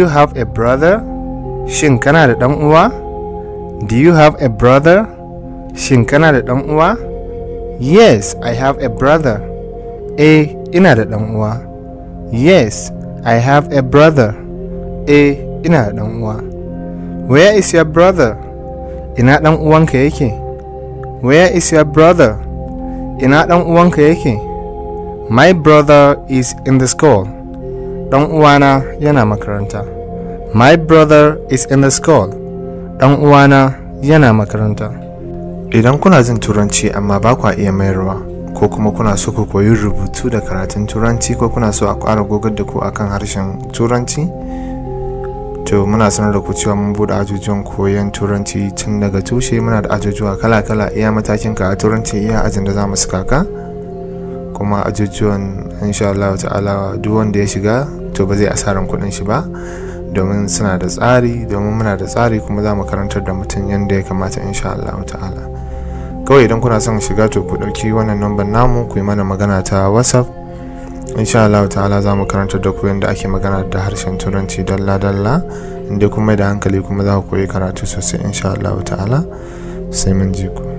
Do you have a brother? Shin kana da ɗan uwa? Do you have a brother? Shin kana da ɗan uwa? Yes, I have a brother. A eh, ina da uwa. Yes, I have a brother. A eh, ina da uwa. Where is your brother? Ina ɗan uwanka yake? Where is your brother? Ina ɗan uwanka yake? My brother is in the school. ɗan uwana yana makaranta my brother is in the school ɗan uwana yana makaranta idan kuna jin turanci amma ba kwa iya mayarwa ko kuma kuna so ku koyi rubutu da karatun turanci ko kuna so a ƙara gogar da ku akan harshen turanci to muna sanar da ku cewa mun bude ajujuwan koyon turanci tun daga tushe muna da ajujuwa kala-kala iya matakin ka a turanci iya ajin da za mu saka ka kuma ajujuwan insha Allah ta'ala duk wanda ya shiga to ba zai asarar kuɗin shi ba domin suna da tsari domin muna da tsari kuma za mu karantar da mutum yadda ya kamata insha Allah ta'ala kawai idan kuna son shiga to ku ɗauki wannan namban namu ku yi mana magana ta whatsapp insha Allah ta'ala za mu karantar da ku yadda ake magana da harshen turanci dalla dalla inda kuma da hankali kuma za ku koyi karatu sosai insha Allah ta'ala sai mun ji ku